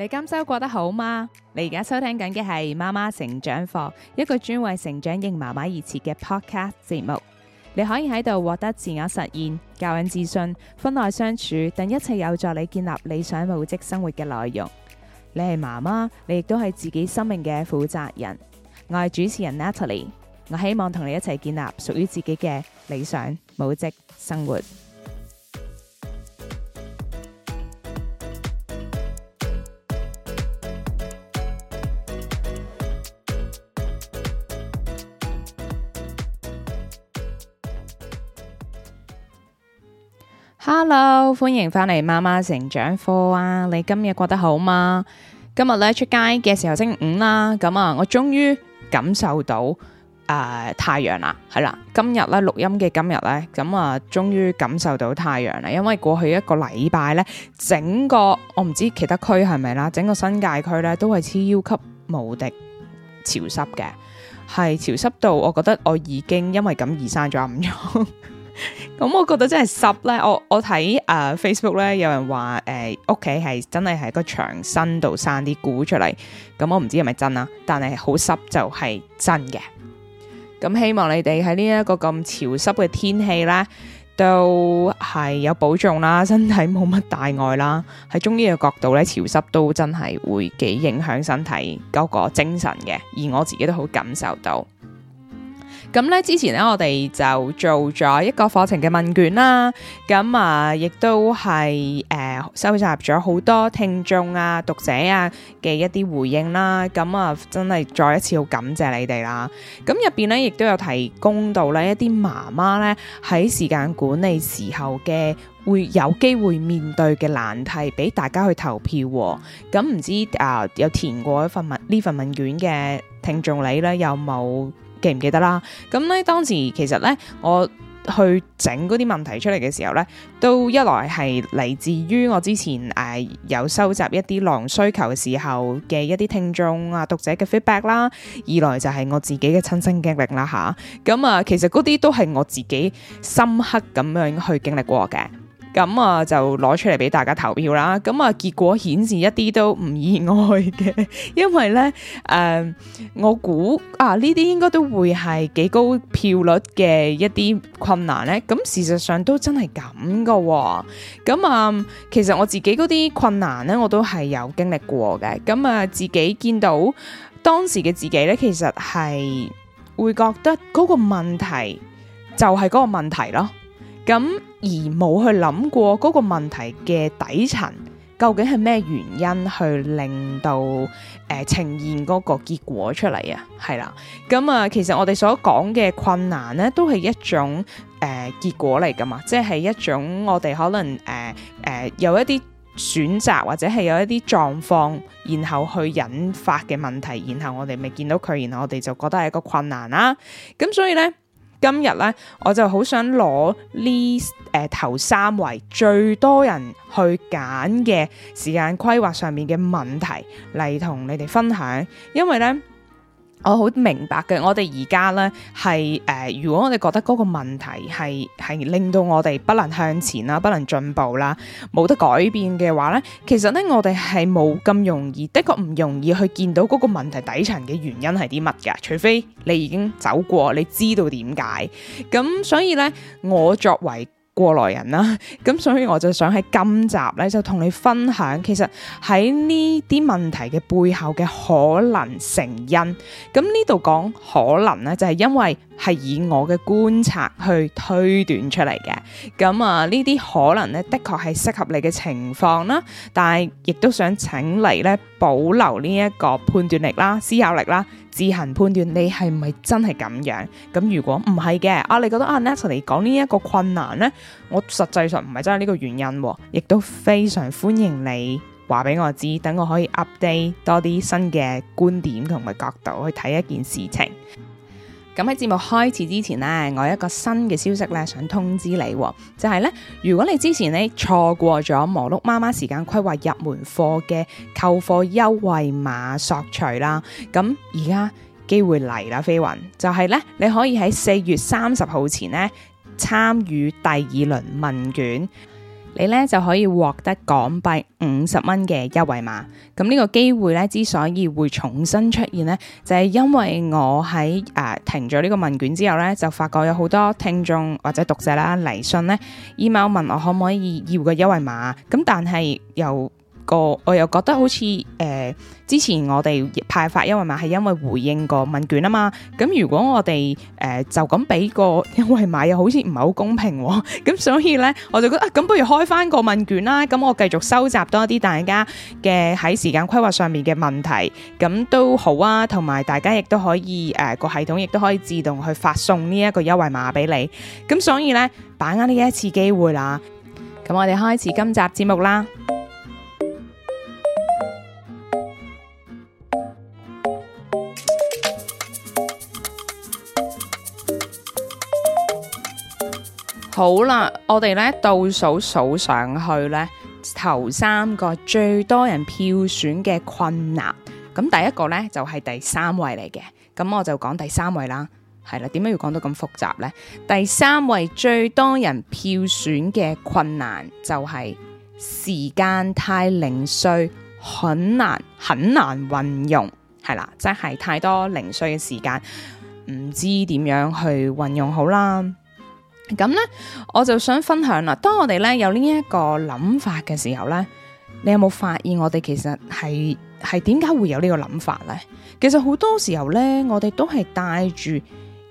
你今周過得好嗎？你而家收聽緊嘅係媽媽成長課，一個專為成長型媽媽而設嘅 podcast 節目。你可以喺度獲得自我實現、教養自信、婚外相處等一切有助你建立理想母職生活嘅內容。你係媽媽，你亦都係自己生命嘅負責人。我係主持人 Natalie，我希望同你一齊建立屬於自己嘅理想母職生活。Hello，歡迎翻嚟媽媽成長課啊！你今日過得好嗎？今日咧出街嘅時候，星期五啦，咁、嗯、啊，我終於感受到誒、呃、太陽啦，係啦，今日咧錄音嘅今日咧，咁、嗯、啊，終於感受到太陽啦，因為過去一個禮拜咧，整個我唔知其他區係咪啦，整個新界區咧都係超級無敵潮濕嘅，係潮濕到，我覺得我已經因為咁而生咗暗瘡 咁、嗯、我覺得真係濕咧，我我睇誒、呃、Facebook 咧有人話誒屋企係真係喺個牆身度生啲菇出嚟，咁、嗯、我唔知係咪真啦，但係好濕就係真嘅。咁、嗯、希望你哋喺呢一個咁潮濕嘅天氣啦，都係有保重啦，身體冇乜大礙啦。喺中醫嘅角度咧，潮濕都真係會幾影響身體嗰個精神嘅，而我自己都好感受到。咁咧、嗯，之前咧，我哋就做咗一個課程嘅問卷啦。咁、嗯、啊，亦都係誒、呃，收集咗好多聽眾啊、讀者啊嘅一啲回應啦。咁、嗯、啊，真係再一次好感謝你哋啦。咁入邊咧，亦都有提供到咧一啲媽媽咧喺時間管理時候嘅會有機會面對嘅難題，俾大家去投票喔。咁、嗯、唔知啊、呃，有填過一份問呢份問卷嘅聽眾你咧，有冇？記唔記得啦？咁咧當時其實咧，我去整嗰啲問題出嚟嘅時候咧，都一來係嚟自於我之前誒、啊、有收集一啲狼需求嘅時候嘅一啲聽眾啊讀者嘅 feedback 啦，二來就係我自己嘅親身經歷啦吓。咁啊，啊，其實嗰啲都係我自己深刻咁樣去經歷過嘅。咁啊、嗯，就攞出嚟俾大家投票啦！咁、嗯、啊，結果顯示一啲都唔意外嘅， 因為呢，誒、呃，我估啊，呢啲應該都會係幾高票率嘅一啲困難呢。咁、嗯、事實上都真係咁噶。咁、嗯、啊，其實我自己嗰啲困難呢，我都係有經歷過嘅。咁、嗯、啊，自己見到當時嘅自己呢，其實係會覺得嗰個問題就係嗰個問題咯。咁、嗯。而冇去諗過嗰個問題嘅底層究竟係咩原因去令到誒、呃、呈現嗰個結果出嚟啊？係啦，咁、嗯、啊，其實我哋所講嘅困難咧，都係一種誒、呃、結果嚟噶嘛，即係一種我哋可能誒誒、呃呃、有一啲選擇或者係有一啲狀況，然後去引發嘅問題，然後我哋未見到佢，然後我哋就覺得係一個困難啦、啊。咁、嗯、所以咧。今日咧，我就好想攞呢誒頭三位最多人去揀嘅時間規劃上面嘅問題嚟同你哋分享，因為咧，我好明白嘅，我哋而家咧係誒，如果我哋覺得嗰個問題係係令到我哋不能向前啦，不能進步啦，冇得改變嘅話咧，其實咧我哋係冇咁容易，的確唔容易去見到嗰個問題底層嘅原因係啲乜噶，除非你已經走過，你知道點解。咁所以咧，我作為。過來人啦、啊，咁所以我就想喺今集咧就同你分享，其實喺呢啲問題嘅背後嘅可能成因。咁呢度講可能咧，就係、是、因為係以我嘅觀察去推斷出嚟嘅。咁啊，呢啲可能咧，的確係適合你嘅情況啦，但係亦都想請你咧保留呢一個判斷力啦、思考力啦。自行判斷你係咪真係咁樣？咁如果唔係嘅，啊，你覺得啊，Natalie 嚟講呢一個困難呢？我實際上唔係真係呢個原因，哦，亦都非常歡迎你話俾我知，等我可以 update 多啲新嘅觀點同埋角度去睇一件事情。咁喺節目開始之前呢，我有一個新嘅消息咧，想通知你，哦，就係、是、咧，如果你之前咧錯過咗忙碌媽媽時間規劃入門課嘅購課優惠碼索取啦，咁而家機會嚟啦，飛云，就係、是、咧，你可以喺四月三十號前咧參與第二輪問卷。你咧就可以獲得港幣五十蚊嘅優惠碼。咁呢個機會咧之所以會重新出現咧，就係、是、因為我喺誒、呃、停咗呢個問卷之後咧，就發覺有好多聽眾或者讀者啦嚟信咧 email 問我可唔可以要個優惠碼、啊。咁但係又。個我又覺得好似誒、呃，之前我哋派發優惠碼係因為回應個問卷啊嘛。咁如果我哋誒、呃、就咁俾個優惠碼又好似唔係好公平，啊，咁所以呢，我就覺得咁、啊、不如開翻個問卷啦。咁我繼續收集多啲大家嘅喺時間規劃上面嘅問題，咁都好啊。同埋大家亦都可以誒個、呃、系統亦都可以自動去發送呢一個優惠碼俾你。咁所以呢，把握呢一次機會啦。咁我哋開始今集節目啦。好啦，我哋咧倒數數上去咧，頭三個最多人票選嘅困難，咁第一個咧就係、是、第三位嚟嘅。咁我就講第三位啦，係啦，點解要講到咁複雜咧？第三位最多人票選嘅困難就係時間太零碎，很難很難運用，係啦，即係太多零碎嘅時間，唔知點樣去運用好啦。咁咧，我就想分享啦。當我哋咧有呢一個諗法嘅時候咧，你有冇發現我哋其實係？係點解會有呢個諗法咧？其實好多時候咧，我哋都係帶住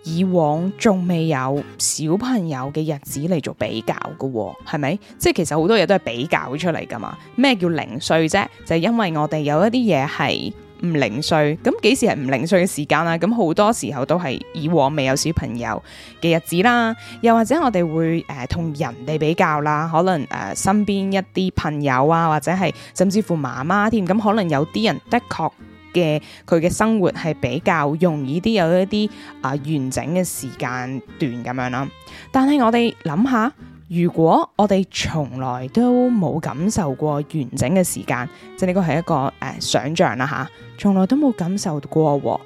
以往仲未有小朋友嘅日子嚟做比較噶喎，係咪？即係其實好多嘢都係比較出嚟噶嘛。咩叫零碎啫？就係因為我哋有一啲嘢係。唔零碎，咁幾時係唔零碎嘅時間啦？咁好多時候都係以往未有小朋友嘅日子啦。又或者我哋會誒同、呃、人哋比較啦，可能誒、呃、身邊一啲朋友啊，或者係甚至乎媽媽添，咁可能有啲人的確嘅佢嘅生活係比較容易啲，有一啲啊、呃、完整嘅時間段咁樣啦。但係我哋諗下。如果我哋從來都冇感受過完整嘅時間，即呢個係一個誒、呃、想象啦吓，從來都冇感受到過，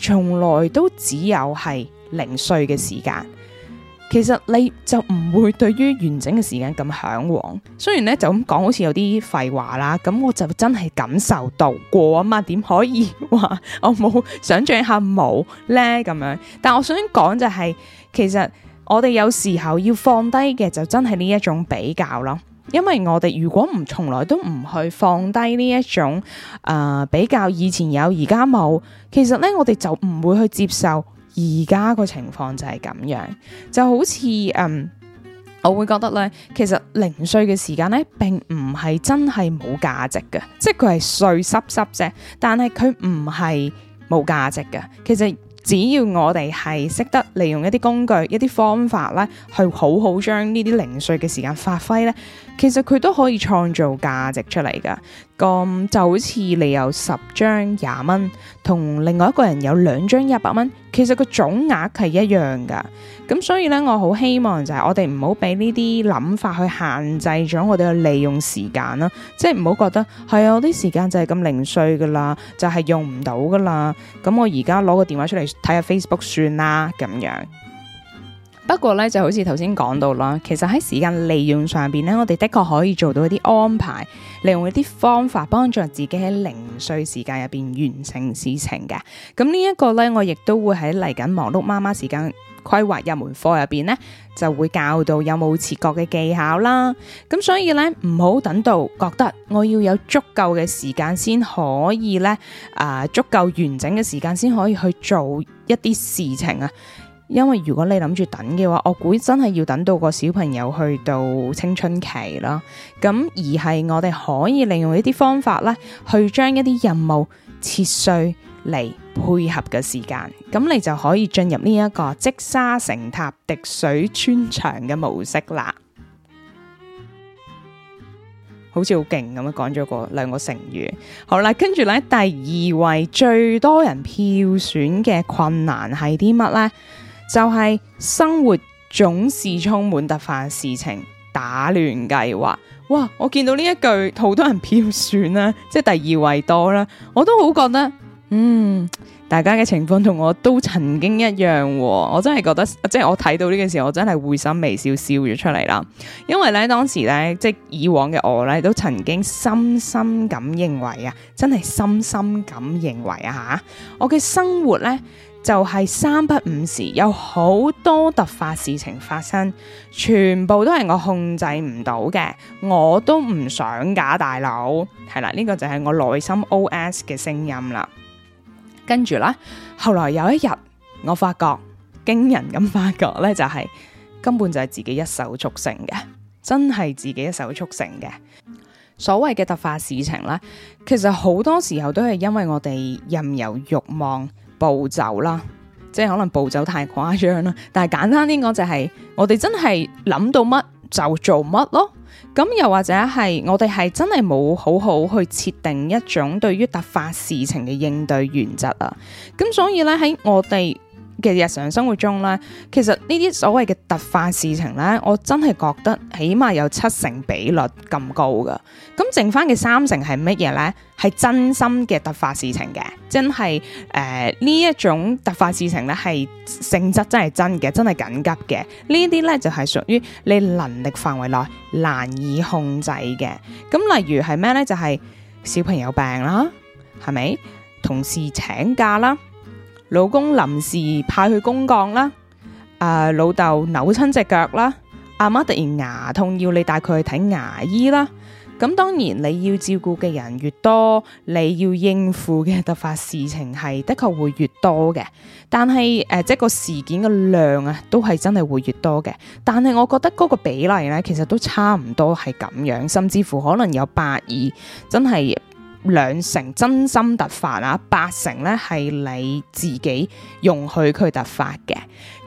從來都只有係零碎嘅時間。其實你就唔會對於完整嘅時間咁嚮往。雖然咧就咁講，好似有啲廢話啦。咁我就真係感受到過啊嘛，點可以話我冇想象一下冇咧咁樣？但我想講就係、是，其實。我哋有時候要放低嘅就真係呢一種比較咯，因為我哋如果唔從來都唔去放低呢一種誒、呃、比較，以前有而家冇，其實咧我哋就唔會去接受而家個情況就係咁樣，就好似嗯，我會覺得咧，其實零碎嘅時間咧並唔係真係冇價值嘅，即係佢係碎濕濕啫，但係佢唔係冇價值嘅，其實。只要我哋係識得利用一啲工具、一啲方法咧，去好好將呢啲零碎嘅時間發揮咧，其實佢都可以創造價值出嚟噶。咁、嗯、就好似你有十張廿蚊，同另外一個人有兩張一百蚊。其實個總額係一樣噶，咁所以咧，我好希望就係我哋唔好俾呢啲諗法去限制咗我哋嘅利用時間啦，即係唔好覺得係啊，啲時間就係咁零碎噶啦，就係、是、用唔到噶啦，咁我而家攞個電話出嚟睇下 Facebook 算啦，咁樣。不過咧，就好似頭先講到啦，其實喺時間利用上邊咧，我哋的確可以做到一啲安排，利用一啲方法幫助自己喺零碎時間入邊完成事情嘅。咁、嗯這個、呢一個咧，我亦都會喺嚟緊忙碌媽媽時間規劃入門課入邊咧，就會教到有冇切割嘅技巧啦。咁、嗯、所以咧，唔好等到覺得我要有足夠嘅時間先可以咧，啊、呃、足夠完整嘅時間先可以去做一啲事情啊。因為如果你諗住等嘅話，我估真係要等到個小朋友去到青春期啦。咁、嗯、而係我哋可以利用一啲方法咧，去將一啲任務切碎嚟配合嘅時間，咁、嗯、你就可以進入呢一個積沙成塔、滴水穿牆嘅模式啦。好似好勁咁啊！講咗個兩個成語，好啦，跟住咧第二位最多人票選嘅困難係啲乜呢？就係生活總是充滿突發事情，打亂計劃。哇！我見到呢一句，好多人票選啦，即係第二位多啦。我都好覺得，嗯，大家嘅情況同我都曾經一樣，哦。我真係覺得，即係我睇到呢件事，我真係會心微笑笑咗出嚟啦。因為咧，當時咧，即係以往嘅我咧，都曾經深深咁認為啊，真係深深咁認為啊，吓我嘅生活咧。就係三不五時有好多突發事情發生，全部都係我控制唔到嘅，我都唔想架大佬，係啦，呢、這個就係我內心 OS 嘅聲音啦。跟住啦，後來有一日，我發覺驚人咁發覺呢，就係、是、根本就係自己一手促成嘅，真係自己一手促成嘅。所謂嘅突發事情咧，其實好多時候都係因為我哋任由欲望。步驟啦，即係可能步驟太誇張啦，但係簡單啲講就係，我哋真係諗到乜就做乜咯，咁又或者係我哋係真係冇好好去設定一種對於突發事情嘅應對原則啊，咁所以咧喺我哋嘅日常生活中咧，其實呢啲所謂嘅突發事情咧，我真係覺得起碼有七成比率咁高噶。咁剩翻嘅三成係乜嘢咧？係真心嘅突發事情嘅，真係誒呢一種突發事情咧，係性質真係真嘅，真係緊急嘅。呢啲咧就係屬於你能力範圍內難以控制嘅。咁例如係咩咧？就係小朋友病啦，係咪？同事請假啦。老公臨時派去公幹啦，啊、呃、老豆扭親隻腳啦，阿媽突然牙痛要你帶佢去睇牙醫啦，咁、嗯、當然你要照顧嘅人越多，你要應付嘅突發事情係的確會越多嘅。但係誒、呃、即係個事件嘅量啊，都係真係會越多嘅，但係我覺得嗰個比例呢其實都差唔多係咁樣，甚至乎可能有百二，2, 真係。兩成真心突發啊，八成咧係你自己容許佢突發嘅。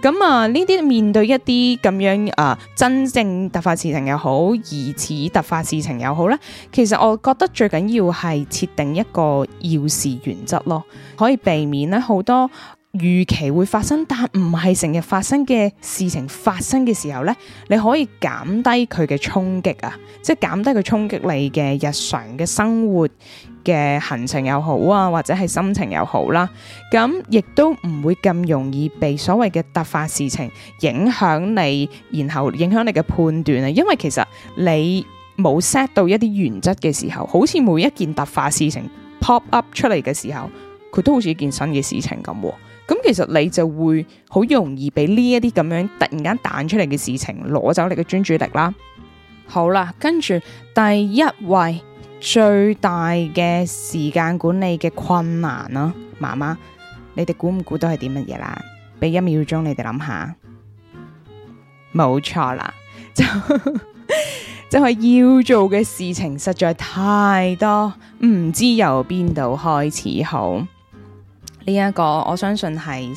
咁啊，呢啲面對一啲咁樣啊、呃，真正突發事情又好，疑似突發事情又好咧，其實我覺得最緊要係設定一個要事原則咯，可以避免咧好多預期會發生但唔係成日發生嘅事情發生嘅時候呢，你可以減低佢嘅衝擊啊，即係減低佢衝擊你嘅日常嘅生活嘅行程又好啊，或者係心情又好啦。咁亦都唔會咁容易被所謂嘅突發事情影響你，然後影響你嘅判斷啊。因為其實你冇 set 到一啲原則嘅時候，好似每一件突發事情 pop up 出嚟嘅時候，佢都好似一件新嘅事情咁。咁其實你就會好容易俾呢一啲咁樣突然間彈出嚟嘅事情攞走你嘅專注力啦。好啦，跟住，第一位最大嘅時間管理嘅困難啦，媽媽，你哋估唔估到係點乜嘢啦？俾一秒鐘你哋諗下，冇錯啦，就 就係要做嘅事情實在太多，唔知由邊度開始好。呢一個我相信係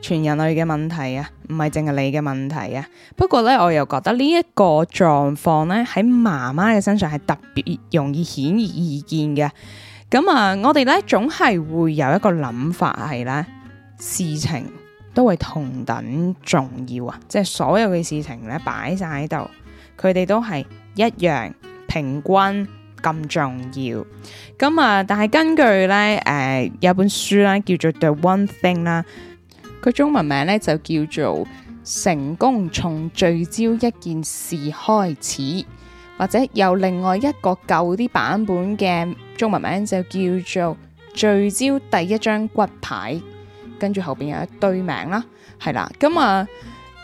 全人類嘅問題啊，唔係淨係你嘅問題啊。不過咧，我又覺得呢一個狀況咧，喺媽媽嘅身上係特別容易顯而易見嘅。咁啊，我哋咧總係會有一個諗法係咧，事情都係同等重要啊，即係所有嘅事情咧，擺晒喺度，佢哋都係一樣平均咁重要，咁、嗯、啊！但係根據咧，誒、呃、有本書咧叫做《The One Thing》啦，佢中文名咧就叫做《成功從聚焦一件事開始》，或者有另外一個舊啲版本嘅中文名就叫做《聚焦第一張骨牌》，跟住後邊有一堆名啦，係啦，咁、嗯、啊。嗯。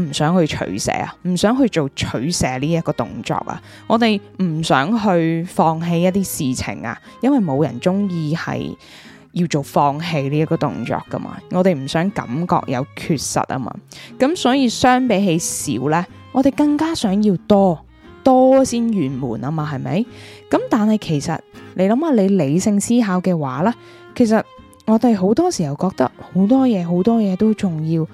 唔想去取捨啊，唔想去做取捨呢一個動作啊，我哋唔想去放棄一啲事情啊，因為冇人中意係要做放棄呢一個動作噶嘛，我哋唔想感覺有缺失啊嘛，咁所以相比起少咧，我哋更加想要多多先圓滿啊嘛，係咪？咁但係其實你諗下，你理性思考嘅話咧，其實我哋好多時候覺得好多嘢，好多嘢都重要。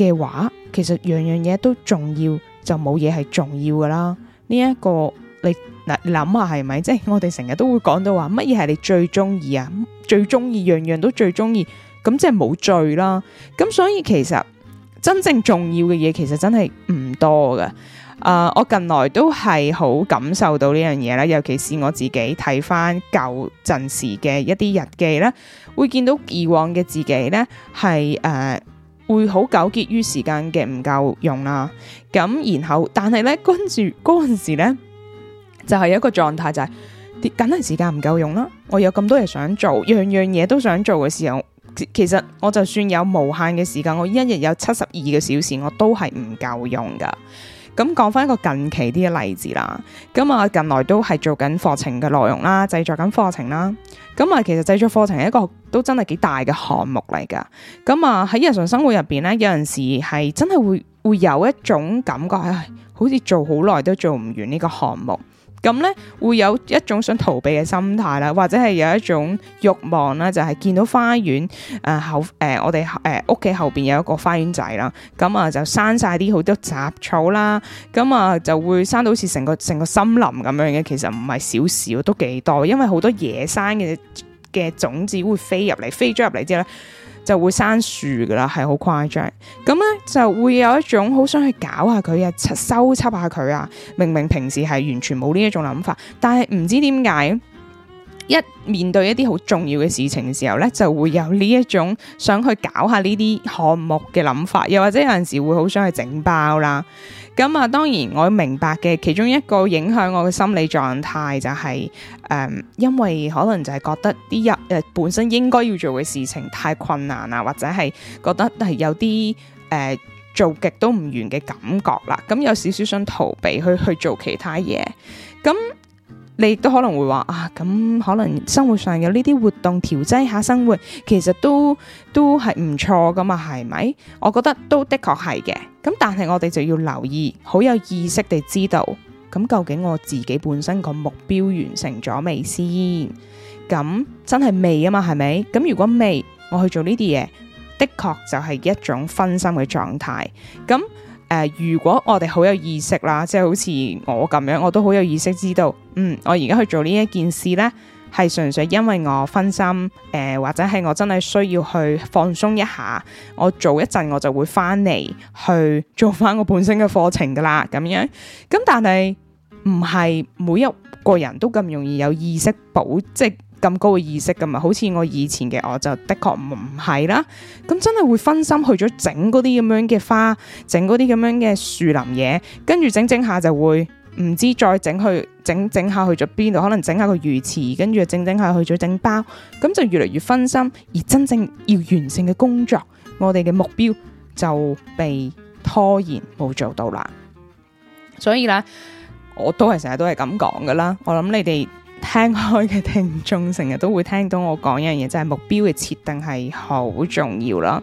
嘅話，其實樣樣嘢都重要，就冇嘢係重要噶啦。呢、這、一個你嗱諗下係咪？即係我哋成日都會講到話，乜嘢係你最中意啊？最中意樣樣都最中意，咁即係冇罪啦。咁所以其實真正重要嘅嘢，其實真係唔多噶。誒、呃，我近來都係好感受到呢樣嘢啦，尤其是我自己睇翻舊陣時嘅一啲日記咧，會見到以往嘅自己咧係誒。會好糾結於時間嘅唔夠用啦、啊，咁然後但係咧，跟住嗰陣時咧就係、有、一個狀態、就是，就係梗係時間唔夠用啦、啊。我有咁多嘢想做，樣樣嘢都想做嘅時候其，其實我就算有無限嘅時間，我一日有七十二個小時，我都係唔夠用噶。咁講翻一個近期啲嘅例子啦，咁啊近來都係做緊課程嘅內容啦，製作緊課程啦，咁啊其實製作課程係一個都真係幾大嘅項目嚟噶，咁啊喺日常生活入邊咧，有陣時係真係會會有一種感覺，唉，好似做好耐都做唔完呢個項目。咁咧會有一種想逃避嘅心態啦，或者係有一種慾望啦，就係、是、見到花園誒、呃、後誒我哋誒屋企後邊有一個花園仔啦，咁啊就生晒啲好多雜草啦，咁啊就會生到好似成個成個森林咁樣嘅，其實唔係少少都幾多，因為好多野生嘅嘅種子會飛入嚟，飛咗入嚟之後咧。就會生樹噶啦，係好誇張。咁咧就會有一種好想去搞下佢啊，收葺下佢啊。明明平時係完全冇呢一種諗法，但係唔知點解一面對一啲好重要嘅事情嘅時候咧，就會有呢一種想去搞下呢啲項目嘅諗法，又或者有陣時會好想去整包啦。咁啊、嗯，當然我明白嘅。其中一個影響我嘅心理狀態就係、是，誒、嗯，因為可能就係覺得啲人誒本身應該要做嘅事情太困難啦，或者係覺得係有啲誒、呃、做極都唔完嘅感覺啦。咁、嗯、有少少想逃避去去做其他嘢，咁、嗯。你亦都可能會話啊，咁、嗯、可能生活上有呢啲活動調劑下生活，其實都都係唔錯㗎嘛，係咪？我覺得都的確係嘅。咁、嗯、但係我哋就要留意，好有意識地知道，咁、嗯、究竟我自己本身個目標完成咗、嗯、未先？咁真係未啊嘛，係咪？咁、嗯、如果未，我去做呢啲嘢，的確就係一種分心嘅狀態。咁、嗯。誒、呃，如果我哋好有意識啦，即係好似我咁樣，我都好有意識知道，嗯，我而家去做呢一件事呢，係純粹因為我分心，誒、呃，或者係我真係需要去放鬆一下，我做一陣我就會翻嚟去做翻我本身嘅課程噶啦，咁樣。咁但係唔係每一個人都咁容易有意識保值。即咁高嘅意識噶嘛？好似我以前嘅我就的確唔係啦。咁真係會分心去咗整嗰啲咁樣嘅花，整嗰啲咁樣嘅樹林嘢，跟住整整下就會唔知再整去整整下去咗邊度？可能整下個魚池，跟住整整下去咗整包，咁就越嚟越分心，而真正要完成嘅工作，我哋嘅目標就被拖延冇做到啦。所以呢，我都係成日都係咁講噶啦。我諗你哋。聽開嘅聽眾成日都會聽到我講一樣嘢，就係、是、目標嘅設定係好重要啦。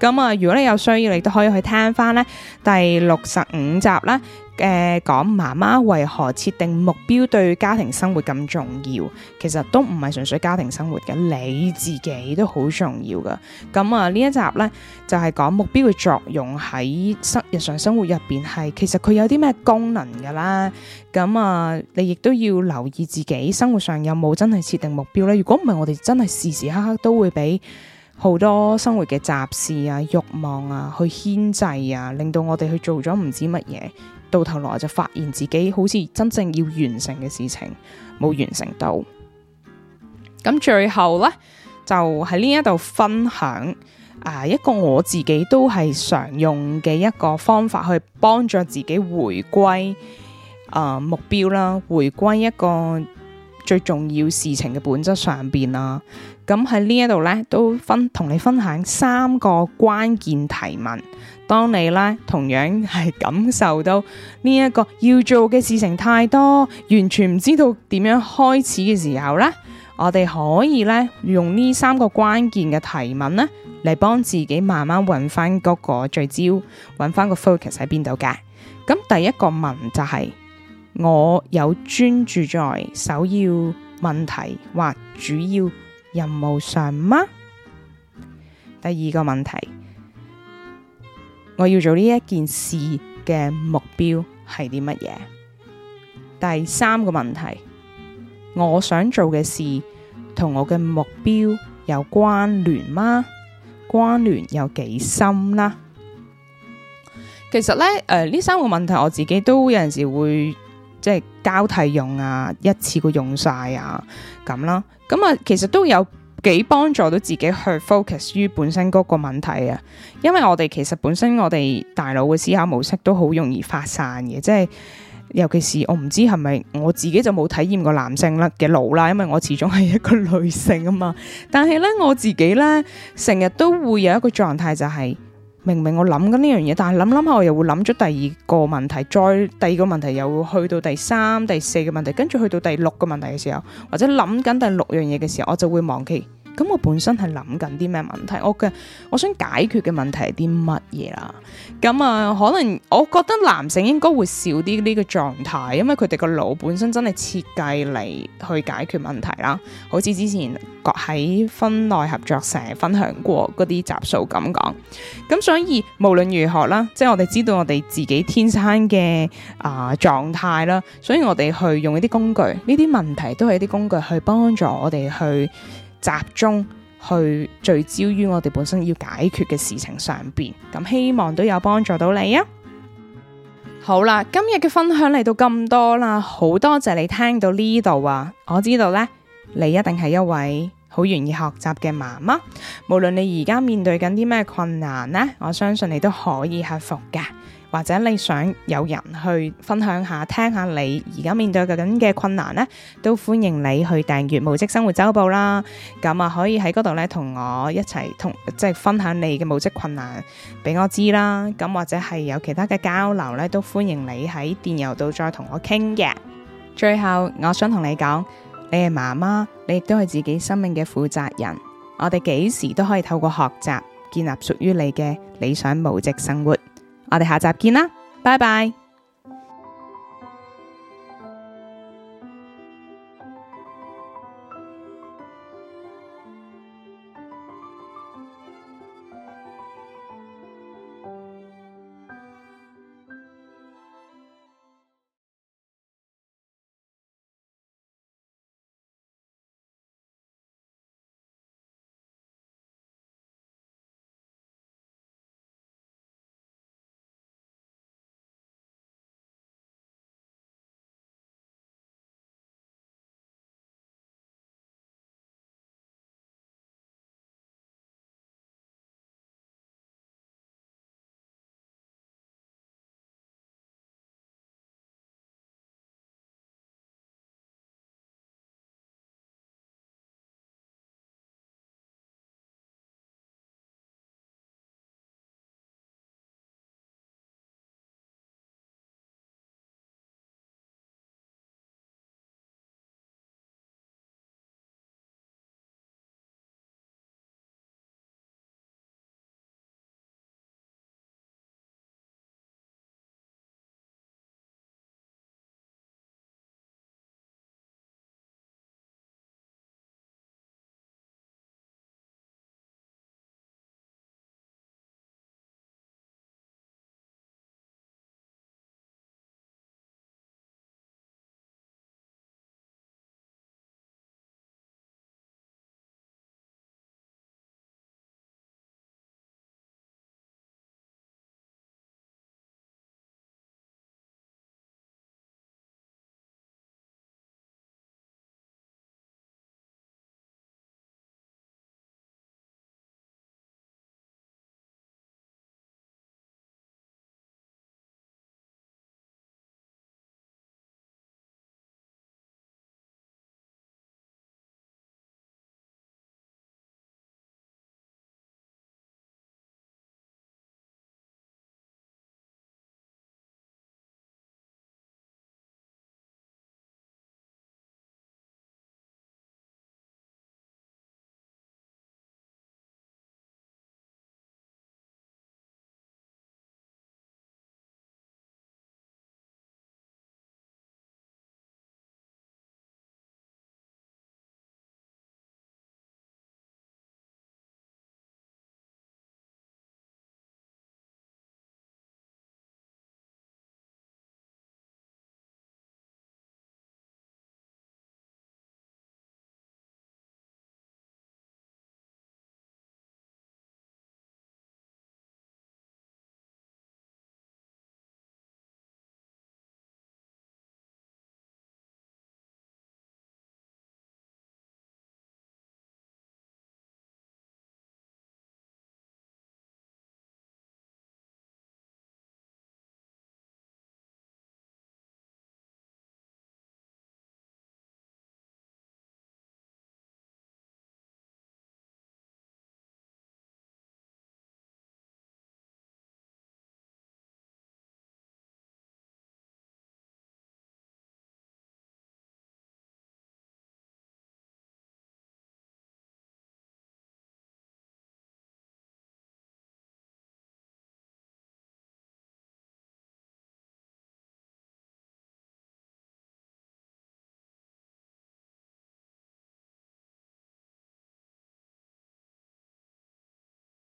咁、嗯、啊，如果你有需要，你都可以去聽翻咧第六十五集啦。誒，講媽媽為何設定目標對家庭生活咁重要？其實都唔係純粹家庭生活嘅，你自己都好重要噶。咁啊，呢一集呢，就係講目標嘅作用喺日常生活入邊係其實佢有啲咩功能噶啦。咁啊，你亦都要留意自己生活上有冇真係設定目標咧。如果唔係，我哋真係時時刻刻都會俾好多生活嘅雜事啊、慾望啊去牽制啊，令到我哋去做咗唔知乜嘢。到頭來就發現自己好似真正要完成嘅事情冇完成到，咁最後呢，就喺呢一度分享啊、呃、一個我自己都係常用嘅一個方法去幫助自己回歸啊、呃、目標啦，回歸一個最重要事情嘅本質上面啦。咁喺呢一度咧，都分同你分享三個關鍵提問。當你咧同樣係感受到呢一個要做嘅事情太多，完全唔知道點樣開始嘅時候咧，我哋可以咧用呢三個關鍵嘅提問咧，嚟，幫自己慢慢揾翻嗰個聚焦，揾翻個 focus 喺邊度嘅。咁第一個問就係：我有專注在首要問題或主要？任務上嗎？第二個問題，我要做呢一件事嘅目標係啲乜嘢？第三個問題，我想做嘅事同我嘅目標有關聯嗎？關聯有幾深啦？其實咧，誒、呃，呢三個問題我自己都有陣時會。即係交替用啊，一次過用晒啊，咁啦，咁啊，其實都有幾幫助到自己去 focus 於本身嗰個問題啊。因為我哋其實本身我哋大腦嘅思考模式都好容易發散嘅，即係尤其是我唔知係咪我自己就冇體驗過男性啦嘅腦啦，因為我始終係一個女性啊嘛。但係咧我自己咧成日都會有一個狀態就係、是。明明我諗緊呢樣嘢，但係諗諗下我又會諗咗第二個問題，再第二個問題又會去到第三、第四個問題，跟住去到第六個問題嘅時候，或者諗緊第六樣嘢嘅時候，我就會忘記。咁、嗯、我本身係諗緊啲咩問題？我嘅，我想解決嘅問題係啲乜嘢啦？咁、嗯、啊、嗯，可能我覺得男性應該會少啲呢個狀態，因為佢哋個腦本身真係設計嚟去解決問題啦。好似之前喺婚內合作成日分享過嗰啲集數咁講。咁、嗯、所以無論如何啦，即係我哋知道我哋自己天生嘅啊狀態啦，所以我哋去用一啲工具，呢啲問題都係一啲工具去幫助我哋去。集中去聚焦於我哋本身要解決嘅事情上面，咁希望都有幫助到你啊！好啦，今日嘅分享嚟到咁多啦，好多謝你聽到呢度啊！我知道呢，你一定係一位好願意學習嘅媽媽，無論你而家面對緊啲咩困難呢，我相信你都可以克服嘅。或者你想有人去分享下、聽下你而家面對嘅緊嘅困難呢，都歡迎你去訂閱母職生活週報啦。咁啊，可以喺嗰度呢同我一齊同即係分享你嘅母職困難俾我知啦。咁或者係有其他嘅交流呢，都歡迎你喺電郵度再同我傾嘅。最後，我想同你講，你係媽媽，你亦都係自己生命嘅負責人。我哋幾時都可以透過學習建立屬於你嘅理想母職生活。我哋下集見啦，拜拜。